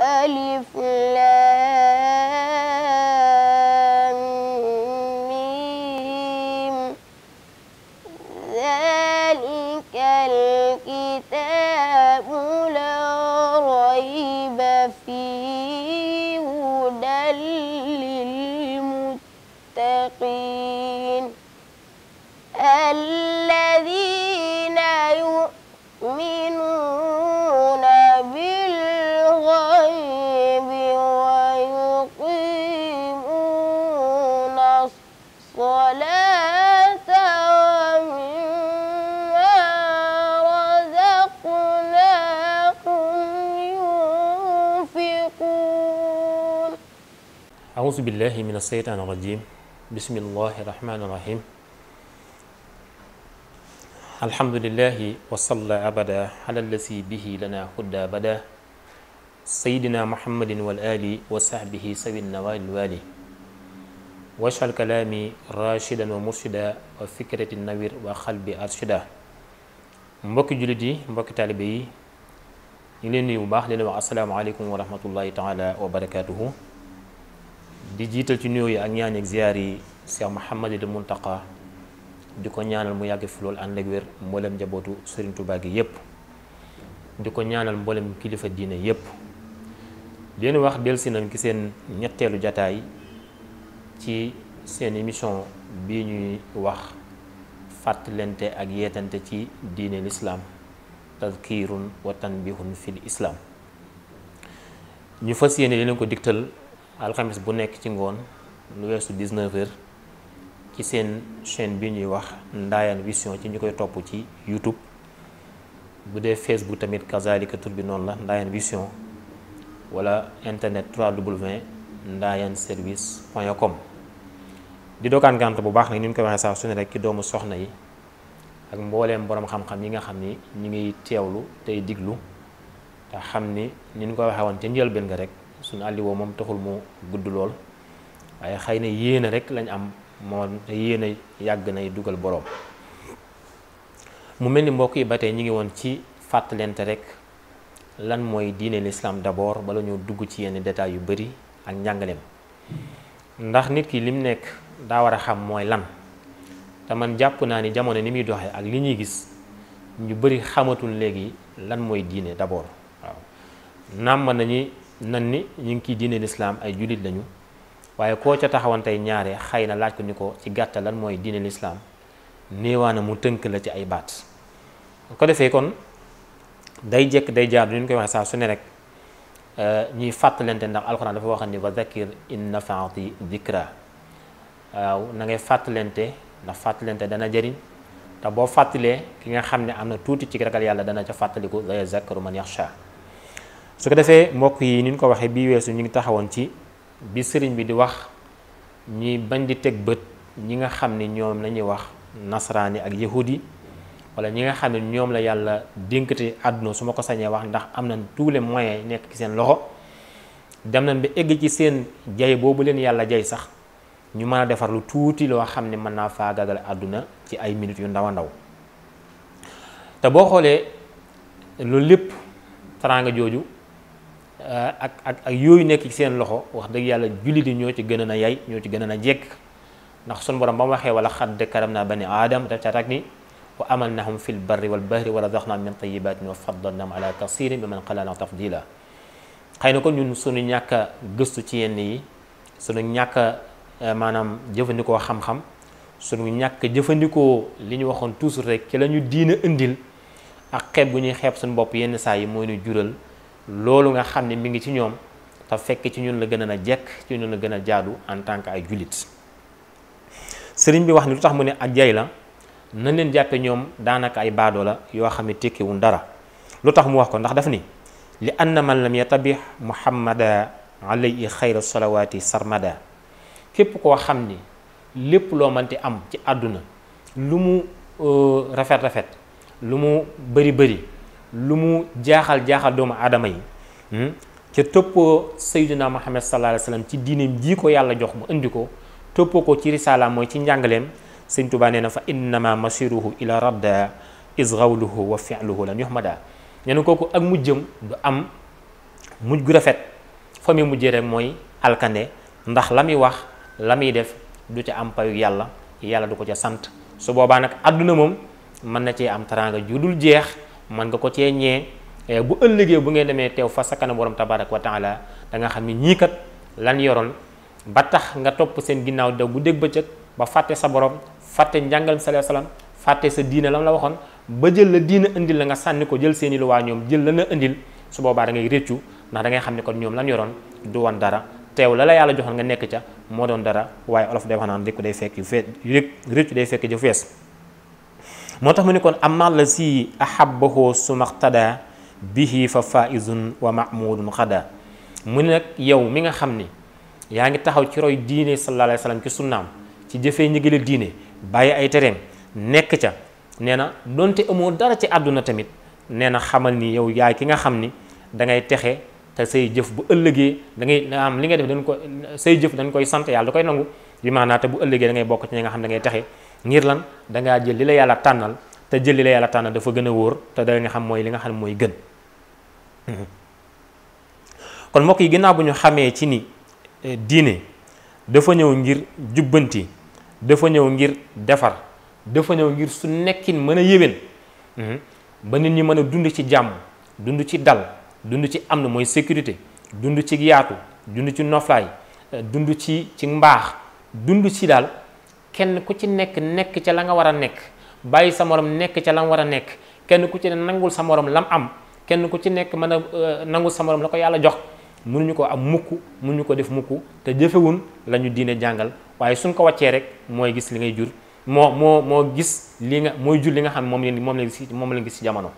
ألف لام أعوذ بالله من الشيطان الرجيم بسم الله الرحمن الرحيم الحمد لله وصلى أبدا على الذي به لنا هدى بدا سيدنا محمد والآل وصحبه سوي النوال الوالي واجعل كلامي راشدا ومرشدا وفكرة النوير وقلبي أرشدا mbokki jullit yi mbokki taalibe yi ñu leen nuyu bu baax leen wax asalaamaaleykum wa rahmatullahi taala wa barakatuhu di jiital ci nuyoo yi ak ñaan ak ziyaar yi Cheikh Mouhamadul Mountakha di ko ñaanal mu yàgg fi loolu ànd ak wér mboolem njabootu Serigne Touba gi yépp di ko ñaanal mboolem kilifa diine yépp leen wax delsi nañ ki seen ñetteelu jataay ci seen mission bi ñuy wax fàttalante ak yeetante ci diine lislaam tazkirun wa fil islaam ñu fas yéene leen ko digtal alxames bu nekk ci ngoon lu weesu 19 ci seen chaîne bi ñuy wax ndaayaan Vision ci ñu koy topp ci YouTube bu dee Facebook tamit kazalika bi noonu la Ndayane Vision wala internet www ndayane service point com di dokaan gànt bu baax nag ni ñu koy waxee saa su ne rek ci doomu soxna yi ak mbooleem boroom xam-xam yi nga xam ni ñu ngi teewlu tey diglu te xam ni ni ñu ko waxee woon ca njëlbeen nga rek suñu àlliwoo moom taxul mu gudd lool waaye xëy na yéene rek lañ am moom te yàgg nay dugal boroom mu mel ni mbokk yi ba tey ñu ngi woon ci fàttalente rek lan mooy diine l'islam d'abord bala ñu dugg ci yenn détails yu bari ak njàngaleem ndax nit ki lim nekk daa war a xam mooy lan te man jàpp naa ni jamono ni muy doxee ak li ñuy gis ñu bari xamatul léegi lan mooy diine d'abord waaw nañu nan ni ñu ngi ciy diine lislaam ay jullit lañu waaye koo ca taxawan tey ñaare xëy na laaj ko ni ko ci gàttal lan mooy diine lislaam néewaana mu tënk la ci ay baat ko defee kon day jekk day jaar ni ñu koy waxee saa su ne rek euh, ñuy fàttalante ndax alxuraan dafa waxan ni wa zakir in nafaati dikra waaw nangay ngay fàttalante ndax fàttalante dana jëriñ te boo fàttalee ki nga xam ne am na tuuti ci ragal yàlla dana ca fàttaliku la yazakkaru man yaxsha su ko defee mbokk yi ni ñu ko waxee bii weesu ñu ngi taxawoon ci bi sëriñ bi di wax ñi bañ di teg bët ñi nga xam ne ñoom lañuy wax nasaraan yi ak yahudi wala ñi nga xam ne ñoom la yàlla dénkate àdduna su ma ko sañee wax ndax am nañ tous les moyens nekk ci seen loxo dem nañ ba egg ci seen jay boobu leen yàlla jay sax ñu mën a defar lu tuuti loo xam ne mën naa faagagal àdduna ci ay minutes yu ndaw a ndaw te boo xoolee lu lépp teraanga jooju Euh, ak ak ak yooyu nekk ci seen loxo wax dëgg yàlla jullit yi ñoo ci gën a na yay ñoo ci gën na jekk ndax sun borom ba mu waxee wala xadd karam naa ba bani aadam daf caa tag ni wa amal na nahum fi lbarri walbahri wa razaqnaa min tayibatin wa faddalnahum ala kasirin bi man xalana tafdila xëy na ko ñun suñu ñàkk gëstu ci yenn yi suñu ñàkk euh, maanaam jëfandikoo xam-xam suñu ñàkk jëfandikoo li ñu waxoon toujours rek ki la ñu diina indil ak xeeb gu ñuy xeeb suñu bopp yenn saa yi mooy ñu jural loolu nga xam ne mi ngi ci ñoom te fekk ci ñun la gën a jekk ci ñun la gën a jaadu en tant que ay jullit sëriñ bi wax ni lu tax mu ne ak jay la nañ leen jàppe ñoom daanaka ay baadoo la yoo xam ne tekkiwun dara lu tax mu wax ko ndax daf ni li anna man lam yatabix muhammada alayhi xayra salawaati sarmada képp koo xam ni lépp loo mënti am ci àdduna lu mu euh, rafet rafet lu mu bëri bari lu mu jaaxal jaaxal doomu aadama yi hmm? ca toppoo sayyiduna Muhammad sallallahu alayhi wa sallam ci diineem jii ko yàlla jox mu indi ko toppoo ko ci risaala mooy ci njàngaleem sëñ Tuubaa nee na fa innama masiruhu ila radda is rawluhu wa fi'luhu lan yuhmada nee na kooku ak mujjam du am mujj gu rafet fa muy mujjee rek mooy alkande ndax la muy wax la muy def du ca am payu yàlla yàlla du ko ca sant su boobaa nag àdduna moom mën na cee am teraanga ju dul jeex mën nga ko cee ñee eh, bu ëllëgee bu ngay demee teew fa sa kanam borom tabarak wa taala da nga xam ne ñii kat lan yoroon ba tax nga topp seen ginnaaw daw bu dégg bëccëg ba fàtte sa borom fàtte njàngal sa alayhi wasallam fàtte sa diina lam la waxoon ba jël la diina indil la nga sànni ko jël seen seeni luwaa ñoom jël la na indil su boobaa da ngay réccu ndax da xam ne kon ñoom lan yoroon du woon dara teew la la yàlla joxoon nga nekk ca moo doon dara waaye olof wax naan réccu day fekk yu fees day fekk ju fees moo tax mu ni kon amma la si ahabbahoo sumaxtada bihi fa faizun wa mahmudun xada mu ne nag yow mi nga xam ni yaa ngi taxaw ci roy diine sallallahu alayhi wa sallam ci sunnaam ci jëfee njëgale diine bàyyi ay tereem nekk ca nee na donte amoo dara ci àdduna tamit nee na xamal ni yow yaay ki nga xam ni dangay texe te say jëf bu ëllëgee da ngay am li nga def dañ ko say jëf dañ koy sant yàlla da koy nangu bi bu ëllëgee da ngay bokk ci ñi nga xam da ngay texe ngir lan da jël li la yàlla tànnal te jël li la yàlla tànnal dafa gën a wóor te da nga xam mooy li nga xam mooy gën mhm. kon mbokk yi ginnaaw bu ñu xamee ci ni eh, diine dafa ñëw ngir jubbanti dafa ñëw ngir defar dafa ñëw ngir su nekkin mën a yéwén mhm. ba nit ñi mën a dund ci jàmm dund ci dal dund ci am na mooy sécurité dund ci yaatu dund ci noflaay eh, dund ci ci mbaax dund ci daal kenn ku ci nekk nekk ca la nga war a nekk bàyyi sa morom nekk ca la mu war a nekk kenn ku ci ne nangul sa morom lam am kenn ku ci nekk mën a euh, nangu sa morom la ko yàlla jox mënuñu ko am mukk ñu ko def mukk te jëfewun lañu ñu diine jàngal waaye suñ ko wàccee rek mooy gis li ngay jur moo moo moo gis li nga mooy jur li nga xam moom leen moom leen gis moom leen gis ci jamono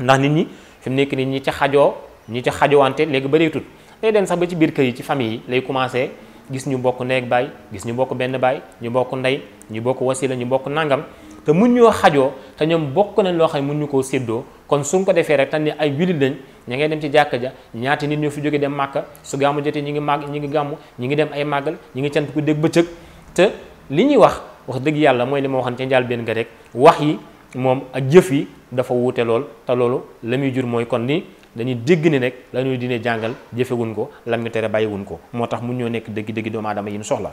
ndax nit ñi fi nekk nit ñi ca xajoo ñi ca xajowante léegi bëreetut day dem sax ba kër yi ci famille yi commencé gis ñu bokk neeg baay gis ñu bokk benn baay ñu bokk ndey ñu bokk wasila ñu bokk nangam te mun ñoo xajoo te ñoom bokk nañ loo xam ne mun ñu koo séddoo kon suñ ko defee rek tan ni ay wilit lañ ña ngay dem ci jàkk ja ñaati nit ñoo fi jóge dem màkka su gàmmu jotee ñi ngi màgg ñu ngi gàmmu ñu ngi dem ay màggal ñi ngi cant ku dégg bëccëg te li ñuy wax wax dëgg yàlla mooy li ma waxoon ca njaal benn nga rek wax yi moom ak jëf yi dafa wuute lool te loolu la muy mooy kon ni dañuy dégg ne rek la ñuy dine jàngal jëfewuñ ko lam ñu tere bàyyiwuñ ko moo tax mu ñoo nekk dëgg dëgg doomu aadama yi ñu soxla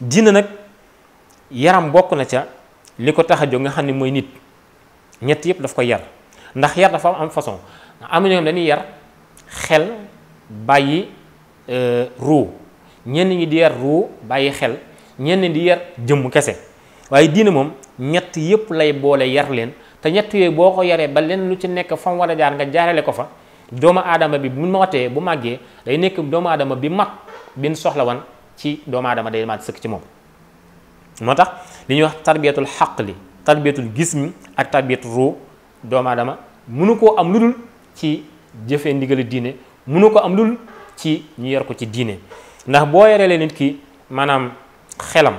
diina nag yaram bokk na ca li ko tax a jóg nga xam ne mooy nit ñett yëpp daf ko yar ndax yar dafa am façon am ñoom dañuy yar xel bàyyi euh, ñenn ñi di yar ruu bàyyi xel ñenn di yar jëmm kese waaye diina moom ñett yëpp lay boole yar leen te ñett boo ko yoree ba leen lu ci nekk fa mu war a jaar nga jaarale ko fa doomu aadama bi bu matee bu màggee day nekk doomu aadama bi mat benn soxla wan ci doomu aadama day mat sëkk ci moom moo tax li ñuy wax tarbiyatul xaq li tarbiyatul gis mi ak tarbiyatu ruu doomu aadama mënu koo am lu dul ci jëfee ndigali diine mënu ko am lu dul ci ñu yor ko ci diine ndax boo yoree leen nit ki maanaam xelam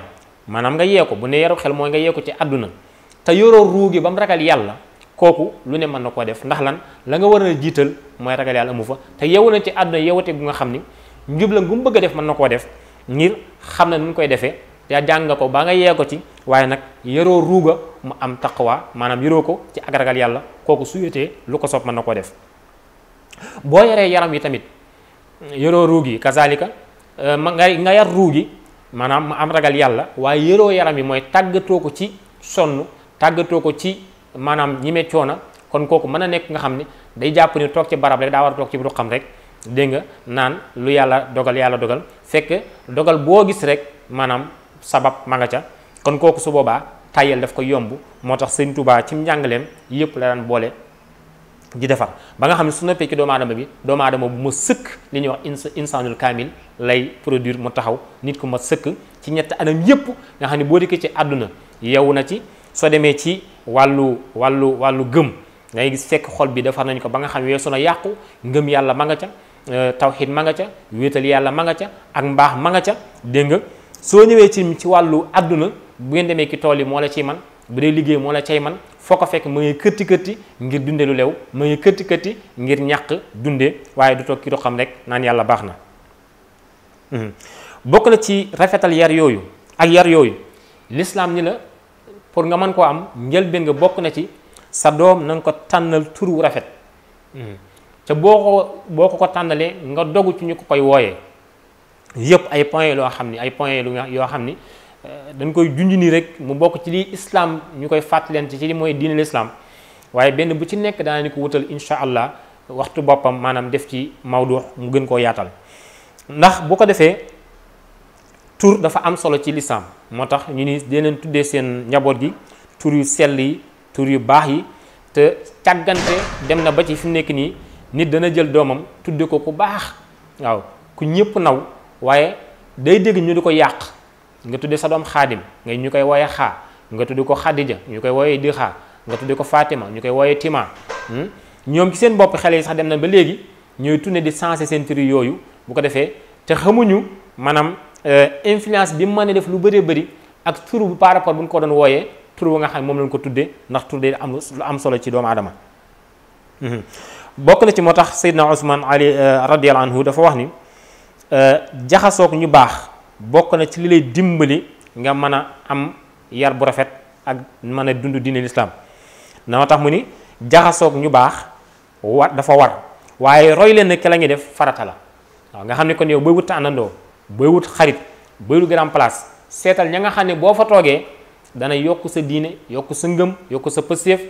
maanaam nga yee ko bu ne yaru xel mooy nga yee ci àdduna te yoroo ruugi ba mu ragal yàlla kooku lu ne mën na koo def ndax lan la nga war a jiital mooy ragal yàlla amu fa te yewu na ci àdduna yewate bu nga xam ni njub la mu bëgg a def man na koo def ngir xam na nu mu koy defee te jàng nga ko ba nga yee ko ci waaye nag yoroo ruuga mu am taqwa maanaam yoroo ko ci ak ragal yàlla kooku su yéetee lu ko soob man na koo def boo yaree yaram yi tamit yoroo ruug yi kazalika euh, nga nga yar ruugi maanaam mu am ragal yàlla waaye yoroo yi mooy tàggatoo ko ci sonn tàggatoo ko ci maanaam ñime coona kon kooku mën a nekk nga xam ni day jàpp ni toog ci barab rek daa war a toog ci ruqam rek dégg nga naan lu yàlla dogal yàlla dogal fekk dogal boo gis rek maanaam sabab ma nga ca kon kooku su boobaa tàyyel daf ko yomb moo tax sëñ tubaa ci mu njàngaleem yëpp la daan boole ji defar ba nga xam ne su noppee ci doomu adama bi doomu aadama bu ma sëkk li ñuy wax insaanul kaamil lay produire mu taxaw nit ku ma sëkk ci ñett anam yëpp nga xam ne boo dikkee ci àdduna soo demee ci wàllu wàllu wàllu gëm ngay gis fekk xol bi defar nañ ko ba nga xam weesu na yàqu ngëm yàlla ma nga ca euh, tawxid ma nga ca wéetal yàlla ma nga ca ak mbaax ma nga ca dégg nga soo ñëwee ci ci wàllu àdduna bu ngeen demee ki tool yi moo la ciy man bu dee liggéey moo la cay man foo ko fekk ma ngi këtti këtti ngir dunde lu lew ma ngi këtti këtti ngir ñàq dunde waaye du toog ki xam rek naan yàlla baax na hmm. bokk na ci rafetal yar yooyu yar yooyu pour nga mën koo am njëlbéen nga bokk na ci sa doom na nga ko tànnal tur wu rafet hmm. ca boo ko boo ko ko tànnalee nga dogu ci ñu ko koy wooyee yëpp ay point loo xam ni ay point lu yoo xam ni euh, dañ koy junj nii rek mu bokk ci li islam ñu koy fàttaleen ci ci li mooy diine l'islam waaye benn bu ci nekk daanañu ko wutal incha allah waxtu boppam maanaam def ci mawdu mu gën koo yaatal ndax bu ko defee tur dafa am solo ci lislaam moo tax ñu ni deneen tuddee seen njaboot gi tur yu sell yi tur yu baax yi te càggante dem na ba ci fi mu nekk nii nit dana jël doomam tudde ko ku baax waaw ku ñëpp naw waaye day dégg ñu di ko yàq nga tudde sa doom xaadim ngay ñu koy wooye xaa nga tudde ko xadija ñu koy wooye di xaa nga tudde ko fatima ñu koy wooye tima hmm? ñoom ci seen bopp xale yi sax dem na ba léegi ñooy tunne di sensé seen tur yooyu bu ko defee te xamuñu Euh, influence bi mu mën a def lu bëree bëri ak tur bu par rapport bu ñu ko doon wooyee tur bu nga xam ne moom lañ ko tudde ndax tur day am lu am solo ci doomu aadama mhm. bokk na ci moo tax Seydina Ousmane Ali euh, radiyallahu anhu dafa wax ni euh, jaxasoog ñu baax bokk na ci li lay dimbali nga mën a am yar bu rafet ak mën a dund diine lislaam na tax mu ni jaxasoog ñu baax war dafa war waaye roy leen ne ki la ñuy def farata la waaw nga xam ne kon yow booy wut àndandoo booy wut xarit booy grand place seetal ña nga xam ne boo fa toogee dana yokk sa diine yokk sa ngëm yokk sa pëseef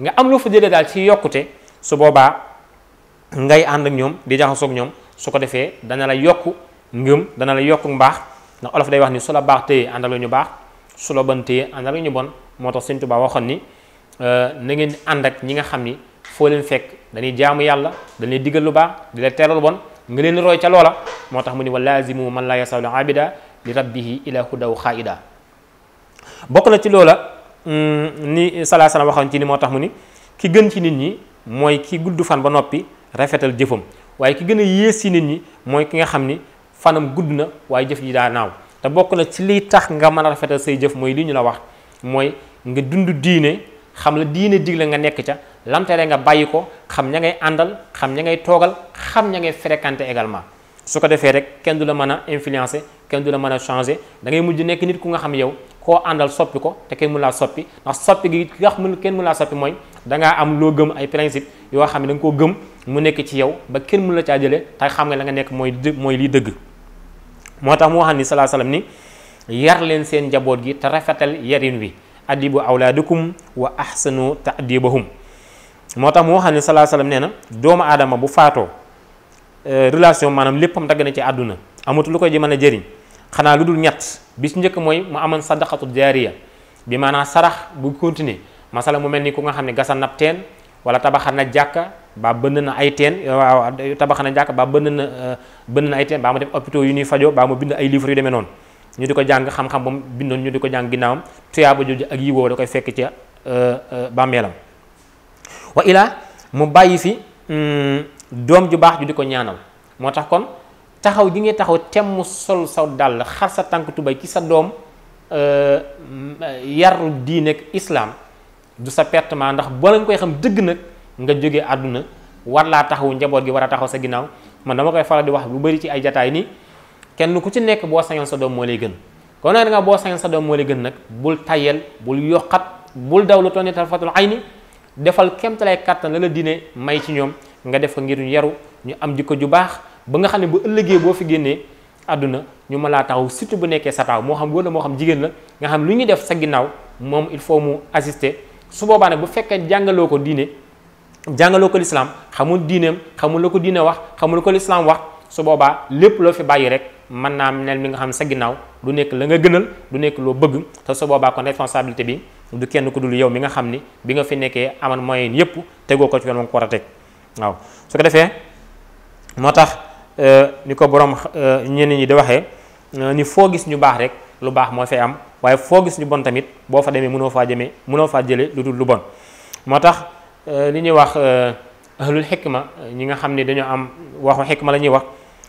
nga am loo fa jëlee daal ci yokkute su boobaa ngay ànd ak ñoom di jaxasoog ñoom su ko defee dana la yokk ngëm dana la yokk mbaax ndax olof day wax ni su la baax téye àndal ñu baax su la bon téye àndal ñu bon moo tax Sëñ Tuubaa waxoon ni euh, na ngeen ànd ak ñi nga xam ni foo leen fekk dañuy jaamu yàlla dañuy diggal lu baax di la teral bon nga leen roy ca loola moo tax mu ni wa laazimu man la yasalu abida li rabbihi ila hudaw xaida bokk na ci loola mm, ni salaa waxoon ci ni moo tax mu ni ki gën ci nit ñi mooy ki gudd fan ba noppi rafetal jëfam waaye ki gën a yées ci nit ñi mooy ki nga xam ni fanam gudd na waaye jëf yi daa naaw te bokk na ci liy tax nga mën a rafetal say jëf mooy li ñu la wax mooy nga dund diine xam la diine digle nga nekk ca lam tere nga bàyyi ko xam ña ngay àndal xam ña ngay toogal xam ña ngay fréquenté également su ko defee rek kenn du la mën a influencé kenn du la mën a changé da ngay mujj nekk nit ku nga xam yow koo àndal soppi ko te kenn mun laa soppi ndax soppi gi nga xam kenn mun laa soppi mooy dangaa am loo gëm ay principe yoo xam ne da koo gëm mu nekk ci yow ba kenn mun la caa jëlee te xam nga la nga nekk mooy dë mooy lii dëgg moo tax mu waxal ni salaa salaam ni yar leen seen njaboot gi te rafetal yarin wi adibu awlaadukum wa ahsanu taadibahum moo tax mu waxal ne salaa salaam nee na doomu aadama bu faatoo euh, relation maanaam léppam dagg na ci àdduna amatu lu koy mën a jëriñ xanaa lu dul ñett bi su njëkk mooy mu amoon sadaqatu ya bi maanaa sarax bu continuer masala mu mel ni ku nga xam ne gasa nab teen wala tabaxa na jàkka ba bënn na ay teen waaw tabaxa na jàkka ba bënn na euh, bënn na teen baa ma def hôpitaux yu ñuy fajoo baa ma bind ay livres yu demee noonu ñu di ko jàng xam-xam ba mu bindoon ñu di ko jàng ginnaawam tuyaaba jooju ak yiwoo da koy fekk ca euh, bàmmeelam wa ilaa mu bàyyi fi mm, doom ju baax ju di ko ñaanal moo tax kon taxaw ji ngay taxaw temm sol saw dàll xar sa tànk tubay ci sa doom euh, yaru diine ak islaam du sa pertement ndax boo nga koy xam dëgg nag nga jóge àdduna war laa taxawu njaboot gi war a taxaw sa ginnaaw man dama koy faral di wax lu bari ci ay jataay nii kenn ku ci nekk boo sañoon sa doom moo lay gën kon nag da nga boo sañoon sa doom moo lay gën nag bul tayel bul yokkat bul daw lu toll nii ay ni defal kéemtalaay kàttan la la diine may ci ñoom nga def ko ngir ñu yaru ñu am jikko ju baax ba nga xam ne bu ëllëgee boo fi génnee àdduna ñu ma laa taxaw surtout bu nekkee sa taaw moo xam góor la moo xam jigéen la nga xam lu ñuy def sa ginnaaw moom il faut mu assister su boobaa nag bu fekkee jàngaloo ko diine jàngaloo ko lislaam xamul diinam xamul la ko diine wax xamul ko lislaam wax su boobaa lépp loo fi bàyyi rek mën naa mel mi nga xam sa ginnaaw du nekk la nga gënal du nekk loo bëgg te boobaa kon responsabilité bi du kenn ku dul yow mi nga xam ni bi nga fi nekkee aman moyen yëpp tegoo ko ci yoon ko war a teg waaw su defee moo tax euh, ni ko borom euh, ñenn ñi di waxee euh, ni foo gis ñu baax rek lu baax moo fay am waaye foo gis ñu bon tamit boo fa demee mënoo faa jëmee mënoo faa jëlee lu dul lu bon moo tax li ñuy wax xekk ma ñi nga xam ne dañoo am waxu xikma la ñuy wax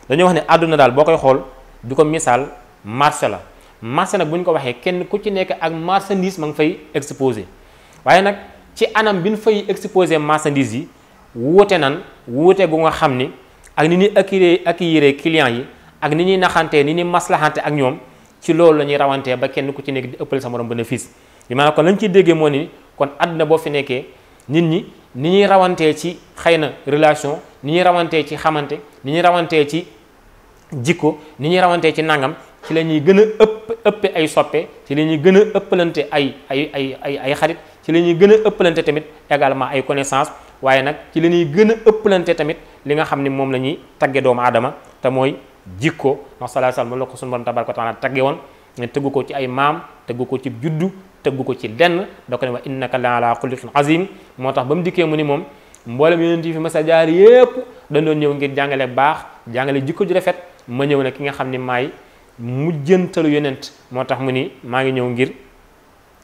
dañoo wax ne àdduna daal boo koy xool du ko misaal marché la marché nag bu ñu ko waxee kenn ku ci nekk ak marchandise ma ngi fay exposé waaye nag ci anam bi ñu fay exposé marchandise yi wuute nan wuute gu nga xam ni ak ni ak ñuy ak yére clients yi ak ni ñuy naxantee ni ñuy maslaxante ak ñoom ci loolu la ñuy rawantee ba kenn ku ci nekk di ëppale sa morom bénéfice bi maanaam kon lañ ciy déggee moo ni kon àdduna boo fi nekkee nit ñi ni ñuy rawantee ci xëy na relation ni ñuy rawantee ci xamante ni ñuy rawantee ci jikko ni ñuy rawantee ci nangam ci la ñuy gën a ëpp ëpp ëppe ay soppe ci la ñuy gën a ëppalante ay ay ay xarit ci la ñuy gën a ëppalante tamit également ay connaissance waaye nag ci la ñuy gën a ëppalante tamit li nga xam ne moom la ñuy tagge doomu aadama te mooy jikko ndax sallallahu alayhi wasallam la ko sunu borom tabaraka wa taala tagge woon ne tëggu ko ci ay maam tëggu ko ci juddu tëggu ko ci lenn da ko ne wax innaka la ala xuluqin moo tax ba mu dikkee mu ni moom mboolem yonent yi fi mas a jaar yépp dañ doon ñëw ngir jàngale baax jàngale jikko ju rafet ma ñëw ne ki nga xam ni maay mujjantalu yonent moo tax mu ni maa ngi ñëw ngir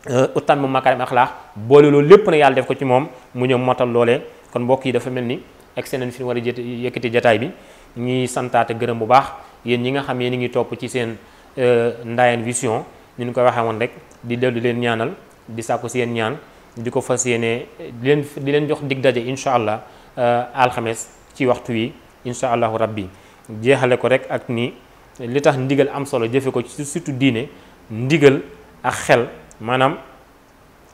euh, utaan mu makarim axlaax boole loolu lépp na yàlla def ko ci moom mu ñëw motal loolee kon mbokk yi dafa mel ni ak seeneen fi war a jët yëkkati jataay bi ñuy santaate gërëm bu baax yéen ñi nga xam yéen ngi topp ci seen euh, Ndayane Vision ni ñu koy waxee woon rek di dellu leen ñaanal di sàkku seen ñaan di ko fas yéene di leen di leen jox dig daje incha allah euh, alxames ci waxtu wi incha allahu rabbi jeexale ko rek li tax ndigal am solo jëfe ko su surtout diine ndigal ak xel maanaam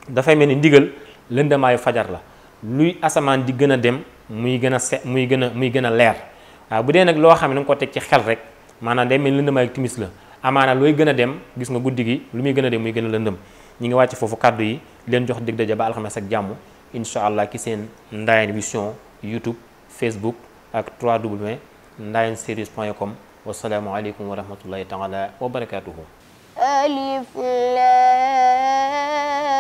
dafay mel ni ndigal lëndamaayu fajar la luy asamaan di gën a dem muy gën a se muy gën a muy gën a leer waaw bu dee nag loo xam ne da nga ko teg ci xel rek maanaam day mel ni lëndamaayu timis la amaana looy gën a dem gis nga guddi gi lu muy gën a dem muy gën a lëndëm ñi ngi wàcc foofu kàddu yi leen jox dig daje ba alxames ak jàmm incha allah ki seen Ndayane Vision YouTube Facebook ak 3w ndayaneserieuses.com wasalaamualeykum wa rahmatullahi taala wa barakaatuhu alif lam